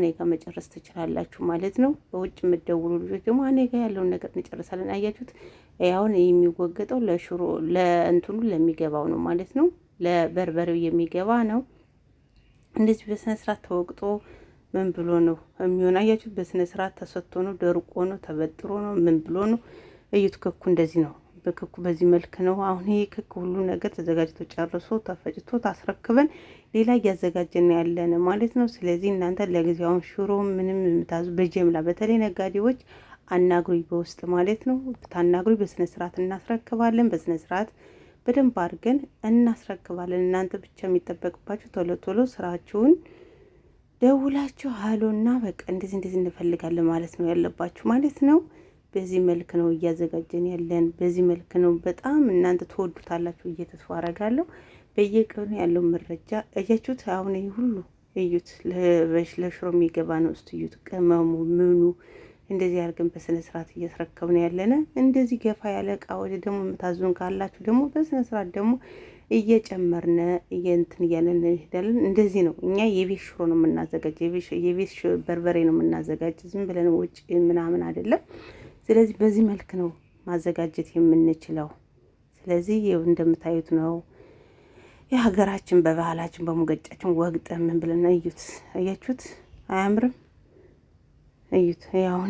እኔ ጋር መጨረስ ትችላላችሁ ማለት ነው። በውጭ የምደውሉ ልጆች ደግሞ እኔ ጋር ያለውን ነገር እንጨርሳለን። አያችሁት? አሁን የሚወገጠው ለሽሮ ለእንትኑ ለሚገባው ነው ማለት ነው። ለበርበሬው የሚገባ ነው። እንደዚህ በስነስርዓት ተወቅጦ ምን ብሎ ነው የሚሆን? አያችሁት? በስነስርዓት ተሰጥቶ ነው ደርቆ ነው ተበጥሮ ነው ምን ብሎ ነው? እዩት። ክኩ እንደዚህ ነው በክኩ በዚህ መልክ ነው። አሁን ይሄ ክክ ሁሉ ነገር ተዘጋጅቶ ጨርሶ ተፈጭቶ ታስረክበን ሌላ እያዘጋጀን ያለን ማለት ነው። ስለዚህ እናንተ ለጊዜው አሁን ሽሮ ምንም የምታዙ በጀምላ በተለይ ነጋዴዎች አናግሩኝ በውስጥ ማለት ነው። ታናግሩኝ በስነ ስርዓት እናስረክባለን። በስነ ስርዓት በደንብ አድርገን እናስረክባለን። እናንተ ብቻ የሚጠበቅባቸው ቶሎ ቶሎ ስራችሁን ደውላችሁ ሀሎና በቃ እንደዚህ እንደዚህ እንፈልጋለን ማለት ነው ያለባችሁ ማለት ነው። በዚህ መልክ ነው እያዘጋጀን ያለን። በዚህ መልክ ነው በጣም እናንተ ትወዱታላችሁ ብዬ ተስፋ አረጋለሁ። በየቀኑ ያለው መረጃ እያችሁት፣ አሁን ይህ ሁሉ እዩት። ለሽሮ የሚገባ ነው። እስቲ እዩት፣ ቅመሙ ምኑ እንደዚህ አድርገን በስነ ስርዓት ነው ያለነ። እንደዚህ ገፋ ያለ እቃዎች ደግሞ የምታዙን ካላችሁ ደግሞ በስነ ስርዓት ደግሞ እየጨመርነ እየንትን እያለን እንሄዳለን። እንደዚህ ነው እኛ የቤት ሽሮ ነው የምናዘጋጅ፣ የቤት በርበሬ ነው የምናዘጋጅ። ዝም ብለን ውጭ ምናምን አይደለም። ስለዚህ በዚህ መልክ ነው ማዘጋጀት የምንችለው። ስለዚህ ይኸው እንደምታዩት ነው የሀገራችን በባህላችን በሙገጫችን ወግጠ ምን ብለን እዩት። እያችሁት አያምርም? እዩት። ያው